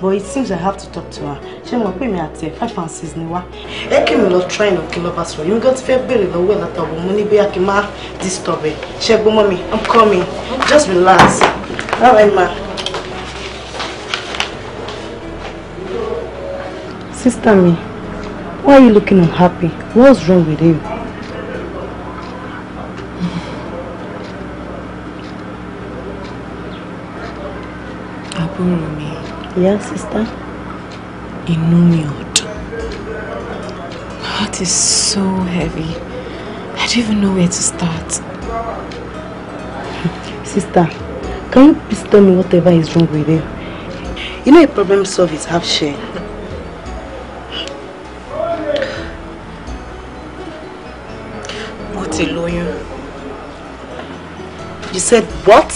but it seems I have to talk to her. She mo pè me àti ẹ̀ five pounds six ni wá? Ẹ kì mí lọ try lọ kí lọ bá sọ̀rọ̀. Yóò gbọ́n ti fẹ́ béèrè lọ́wọ́ ẹ̀ látàbọ̀ mo ní bóyá kí n má disturb ẹ̀. Ṣé gbọ́n mọ́ I'm coming. Just relax. All right ma. Sister me. why are you looking unhappy? What's wrong with you? Àbúrò mi. Yeah, sister. Inú My heart is so heavy. I don't even know where to start. Sister, can you please tell me whatever is wrong with you? You know a problem solved is half share. What a lóyún. You said what?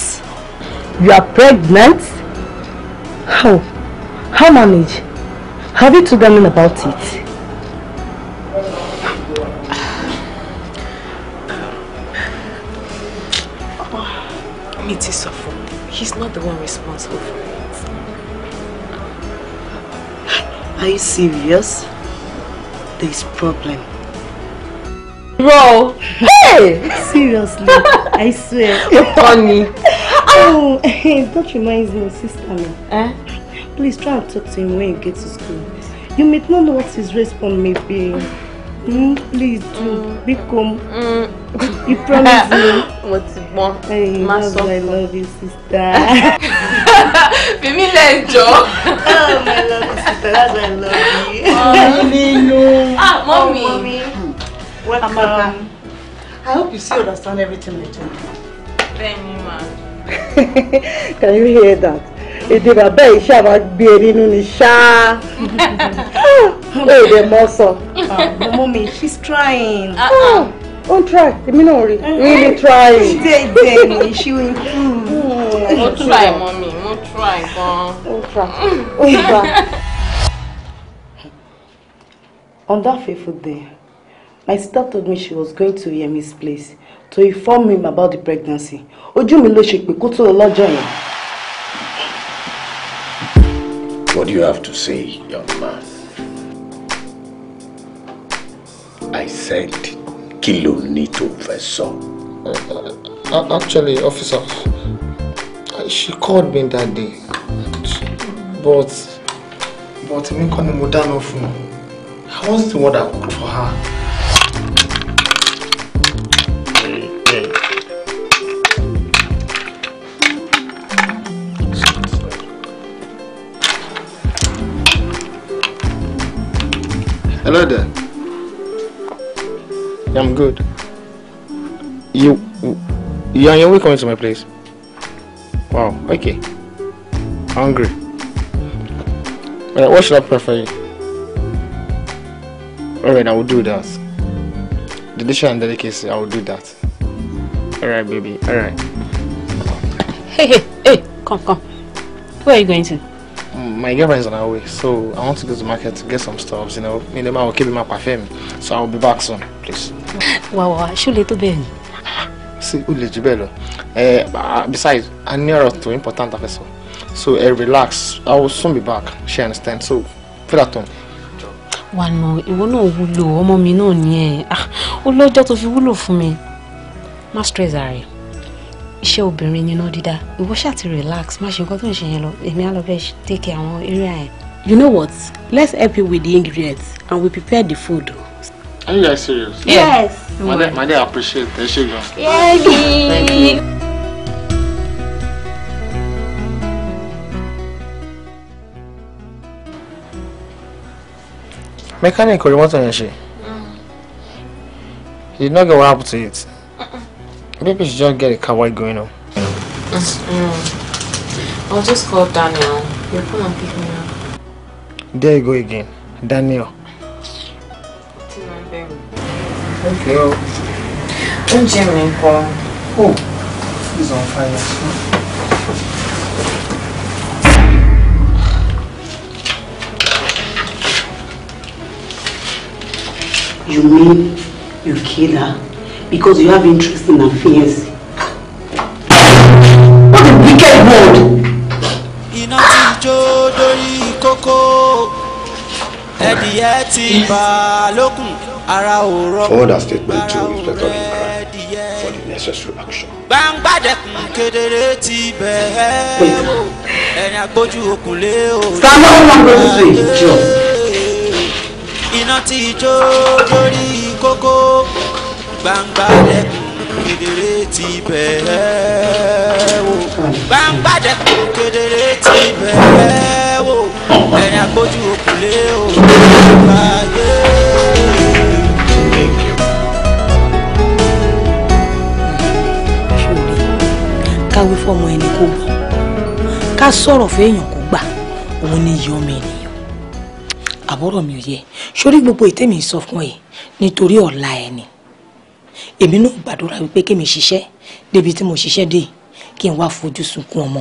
You are pregnant? How? Oh. How manage? Have you told them about it? Me too, suffer. He's not the one responsible for it. Are you serious? There's problem. Bro! Hey! Seriously, I swear. You're funny. oh, that reminds me, sister. Eh? Please try and talk to him when you get to school. You may not know what his response may be. Mm, please do. Mm. Become. Mm. You promise me. Mo ti gbọ́n. Hey, Ma love, I love you, sister. Fimi lẹ́jọ́. Oh, my love, you. sister. That's why I love you. Mọ́mí no. Ah, mommy. Oh, mọ́mí. Welcome. Amaka. I hope you still understand everything we're Thank you, ma. Can you hear that? èdè bàbá yìí ṣáà máa gbé e nínú ni ṣáá èdè mọ́ sọ. Ah, mo mi she's trying. Ah, ó ń try èmi náà rí eh, really eh, trying. dédé ni she will improve. mo try mọ́mí mo try gan. ó try ó gbà. On that fateful day, my sister told me she was going to Yemi's place to inform him about the pregnancy. Ojú mi ló ṣe pé kó tó lọ́jọ́ yẹn. What do you have to say, young man? I said, kí ló ní Actually, officer, she called me that day, but but èmi kọ́ ni mo I was the one that cooked for her. Hello there. I'm good. You, you on your way coming to my place? Wow, okay. Hungry. Alright, what should I prefer? Alright, I will do that. Delicious and delicacy, I will do that. Alright, baby, alright. Hey, hey, hey, come, come. Where are you going to? my girlfriend's on her way, so I want to go to the market to get some stuffs, you know. Me and I will keep my perfume, so I will be back soon, please. Wow, wow, surely to be. See, ó le besides, I'm nearer to important officer, so eh, relax. I will soon be back. She understand, so feel at home. Wà nù, ìwọ náà wúlò, ọmọ mi náà no, ẹ̀. Ah, Lord, just tó fi wúlò fún me. Má stress ara rẹ̀ iṣẹ́ obìnrin ni iná dídá ìwọ ṣáà ti relax má ṣe nǹkan tó ń ṣe yẹn lọ èmi á lọ bẹ́ẹ̀ take care àwọn area yẹn. you know what let's help you with the ingredients and we prepare the food. are you guys serious. yes. yes. made appreciate ẹ ṣe gan. yẹ́ẹ̀ni. mechanic orí mọ́tò yẹn ṣe. he did not get what happened to it. Maybe she just get a kawaii going on. Oh. Mm. Mm-hmm. I'll just call Daniel. He'll come and pick me up. There you go again. Daniel. Thank you. I'm Jimmy. Oh, he's on fire. You mean you killed her? because you have interest in affairs. What a wicked world! Iná ti jó dórí kókó, ẹ̀dìyẹ ti bà lókun, ara ò rọ́pò. Forward a statement to Inspector Imara for the necessary action. Stand up ti bẹ̀ẹ́ o, ẹ̀yìn àgbójú okùn lé o gbangba dẹkùn kedere ti bẹ̀ẹ́ wò gbangba dẹkùn kedere ti bẹ̀ẹ́ wò ẹni àgbójú òkùnlé òkùnlé ayé. káwé fọmọ ẹni kó gbọ́ ká sọ̀rọ̀ fẹ́yàn kó gbà òun ni iye ọmọ ènìyàn àbúrò mi ò yẹ sórí gbogbo ìtẹ́mi sọ fún ẹ nítorí ọ̀la ẹni èmi náà gbàdúrà wípé kémi ṣiṣẹ́ débi tí mo ṣiṣẹ́ dé kí n wá fojú sunkún ọmọ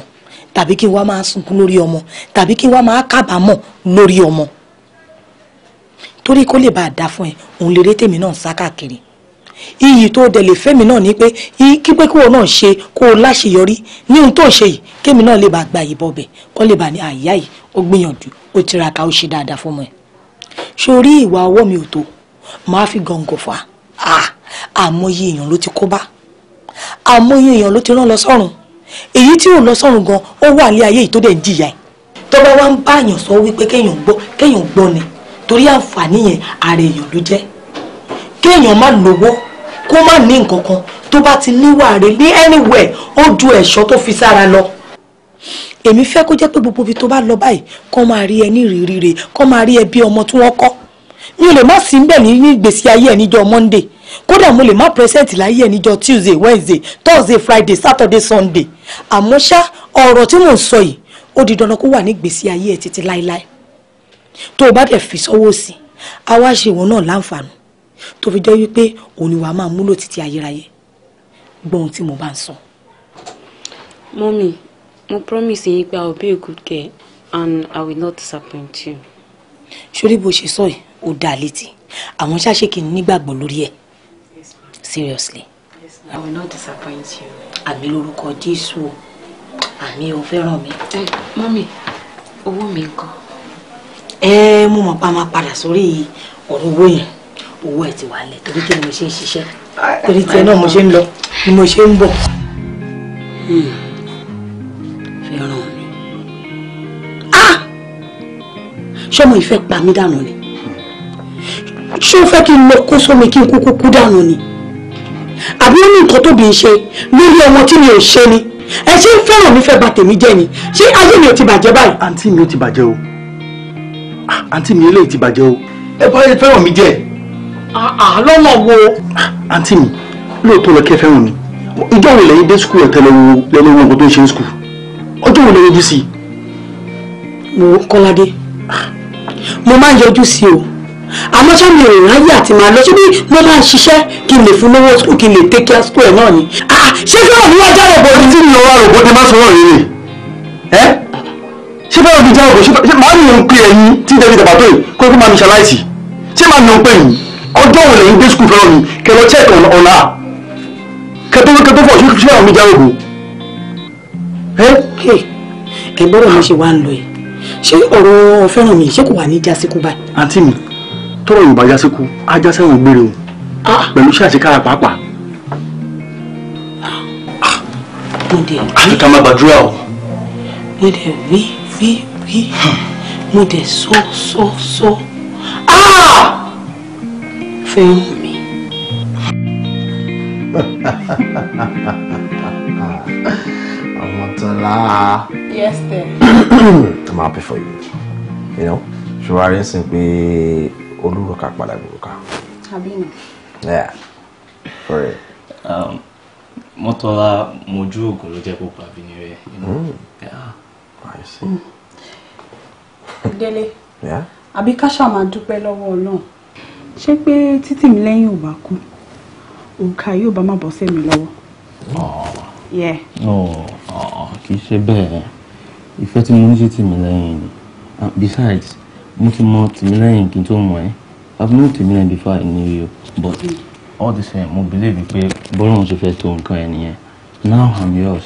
tàbí kí n wá máa sunkún lórí ọmọ tàbí kí n wá máa kábàámọ̀ lórí ọmọ torí kó lè bá a dá fún ẹ òun lè rí náà sá káàkiri iyì tó dẹ̀ lè fẹ́mi náà ni pé kí pé kóò náà ṣe kó o láṣeyọrí ní ohun tó ṣe yìí kémi náà lè bá gba ìbọn bẹ̀ kó lè bá ní àyà yìí ó gbìyànjú ó tiraka ó ṣe dáadáa fún ọmọ ẹ̀ sórí ìwà ọwọ́ mi ò tó màá fi gàngàn fà àmọye èèyàn ló ti kó bá àmọye èèyàn ló ti rán lọ sọ́run èyí tí ò lọ sọ́run gan ó wà ní ayé yìí tó dẹ̀ ń jìyà ẹ̀ tó bá wá ń bá èèyàn sọ wípé kéèyàn gbọ́ kéèyàn gbọ́ ni torí àǹfààní yẹn ara èèyàn ló jẹ́ kéèyàn má lówó kó má ní nǹkan kan tó bá ti níwà rẹ ní anywhere ó ju ẹ̀ṣọ́ tó fi sára lọ èmi fẹ́ kó jẹ́ pé gbogbo ibi tó bá lọ báyìí kọ́ máa rí ẹ ní ìrírí rẹ̀ kọ́ máa rí ẹ bí ọmọ tí wọ́n kọ́ mi ò lè má sí ń ní ìgbésí ayé ẹ níjọ́ Monday kódà mo lè má present láyé ẹ̀ níjọ́ tuesday wednesday thursday friday saturday sunday àmọ́ ṣá ọ̀rọ̀ tí mò ń sọ yìí ó di dandan kó wà ní ìgbésí ayé ẹ̀ títí láéláé tó o bá dẹ̀ fi sọ́wọ́ sí a wá ṣe ìwọ náà láǹfààní tó fi jẹ́ wípé òní wàá máa múlò títí ayérayé gbọ́ ohun tí mo bá ń sọ. mọ́mí mo promise yín pé i will be a good girl and i will not disappoint you. sórí bó ṣe sọ yìí ó dá létí àwọn ṣáṣe kì í nígbàgbọ́ lórí ẹ̀ seriously. yes I will not disappoint you. àmì lórúkọ Jésù o àmì o fẹ́ràn mi. ẹ mọ́mì owó mi ńkọ́. ẹ mo mọ̀ pa máa padà sórí ọ̀rọ̀ owó yẹn owó ẹ̀ ti wà lẹ̀ torí kí ni mo ṣe ń ṣiṣẹ́ torí tiẹ̀ náà mo ṣe ń lọ ni mo ṣe ń bọ̀. Hmm. fẹ́ràn mi ah! ṣọmọ ìfẹ́ pa mí dànù ni ṣé o fẹ́ kí n lọ kó sómi kí n kúkú kú dànù ni àbí ó ní nǹkan tóbi ń ṣe lórí ọmọ tí mi ò ṣe ni ẹ ṣe ń fẹ́ràn mi fẹ́ bà tèmi jẹ́ ni ṣé ayé mi ò ti bàjẹ́ báyìí. àǹtí mi ò ti bàjẹ́ o àǹtí mi eléyìí ti bàjẹ́ o ẹ bá yẹ fẹ́ràn mi jẹ́. lọ́nà wo. àǹtí mi lóòótọ́ lọ kẹ́ fẹ́ràn mi ìjọ wo lẹ́yìn dé skul ọ̀tẹ́ lẹ́wọ́ lẹ́wọ́ nǹkan tó ń ṣe ń skul ọjọ́ wo lẹ́yìn ojú sí i. mo kọ́ládé mo máa ń yọjú sí o àmọ́ ṣé mi ò ráyè àti máa lọ síbi mo máa ń ṣiṣẹ́ kí n lè fún lówó school kí n lè take care school ẹ̀ náà ni. Ah, ṣé kí wọ́n ní wọ́n já rògbò ní tí mi ò wá rògbò ni má sọ̀rọ̀ rere ẹ́ ṣé báwo ni já rògbò ṣé máa ní òun pé ẹyin tí david abato yìí kó kó máa mi ṣaláìsì ṣé máa ní òun pé yìí ọjọ́ òun lẹ́yìn dé school fẹ́ràn mi kẹ lọ check ọ̀la kẹtọ́ kẹtọ́ fọ̀ ṣé báwo ni já rògbò ẹ́. ẹ gbọ́dọ̀ mo ṣe wá ń lọ yìí ṣé ọ̀rọ̀ fẹ́ràn mi ṣé kò tọrọ yorùbá jásíkú ajásẹ́wọ̀n gbére o ah. pẹ̀lú ṣáàṣì kára pàápàá. àyíká máa gbàdúrà o. mo dẹ̀ wí wí wí mo dẹ̀ sọ sọ sọ ah! fẹ́ràn mi. Ọmọtọ́lá. Yes, sir. I'm happy for you. You know, ṣùgbọ́n a rí olùrọ̀ká padà gbòòrùká. àbí mi. yeah for Um, mọ́tọ́lá mojú oògùn ló jẹ́ kó pa àbíní hmm. I see. Hmm. délé àbí ká ṣáà máa dúpẹ́ lọ́wọ́ ọlọ́run ṣé pé títì mi lẹ́yìn ò bá kú òǹkà yóò bá má bọ́ sẹ́mi lọ́wọ́. kì í ṣe bẹ́ẹ̀ ìfẹ́ tí mo ní sí tì mí lẹ́yìn besides mo ti mọ Tìmílẹ́yìn kí n tó mọ̀ ẹ́ I've known Tìmílẹ́yìn before in New York, but all this time, mo believe pé bọ́lọ́run ṣe fẹ́ tó nǹkan ẹ̀ nìyẹn now I'm yours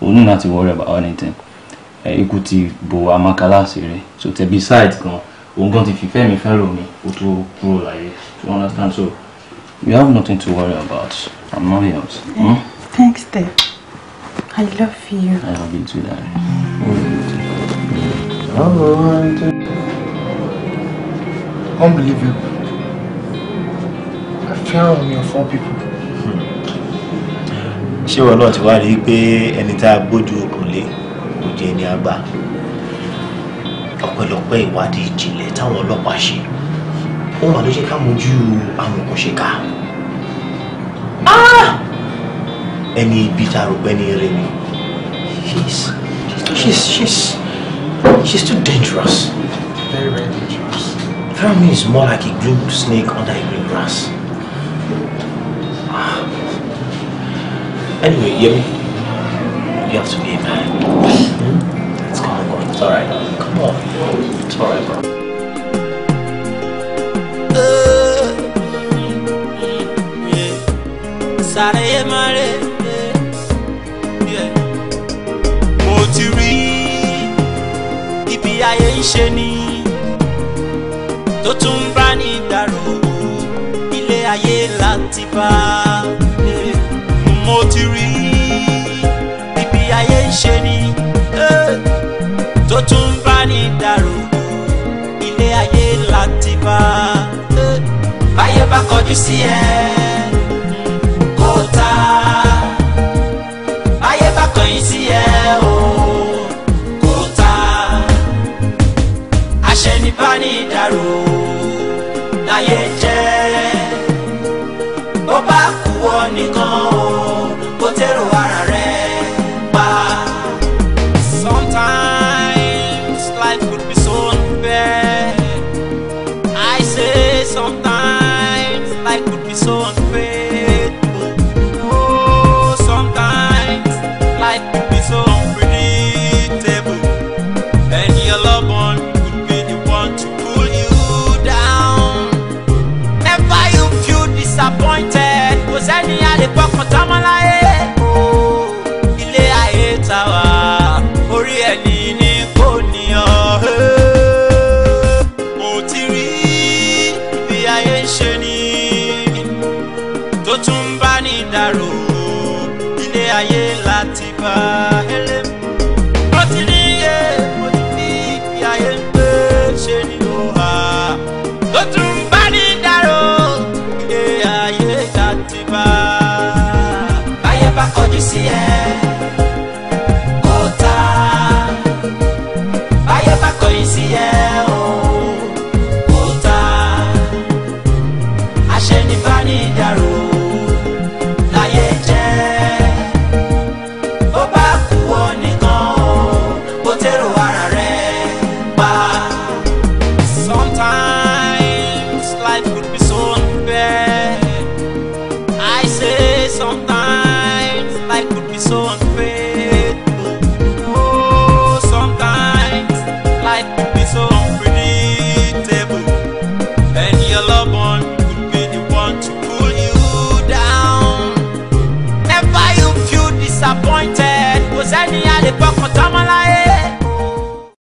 o ní láti worry about anything ẹ ikú ti bo amakalasi rẹ so tẹ besides gan òun gan ti fìfẹ́ mi fẹ́ lomi o tó kúrò láyé you understand so you have nothing to worry about I'm not yours. Hmm? Thanks, Dad. I love you. I love you too, Daddy. Mm. I love you too can't believe you. I found on your four people. Ṣé wọn náà ti wá rí i pé ẹni tá a gbójú okùn lé kò jẹ́ ẹni àgbà? Ọ̀pẹ̀lọpẹ̀ ìwádìí ìjìnlẹ̀ táwọn ọlọ́pàá ṣe. Ó mà ló jẹ́ ká mojú àwọn òkúnṣe ká. Ah! Ẹni ibi tá a rò pé ní eré ni. She's she's she's she's too dangerous. Very very dangerous. me is more like a glued snake under a green grass. Ah. Anyway, Yemi, you have to be a man. Hmm? Let's go, on, It's alright. Come on. It's alright, bro. Sáré mare, mo tún bá ní dàrú ilé ayé láti bá mo ti rí ibi ayé ń ṣe ni tó tún bá ní dàrú ilé ayé láti bá báyé bá kọjú sí ẹ kó ta báyé bá kọ̀yìn sí ẹ o. kò ta àṣẹ bá ní ìdárò. yeah.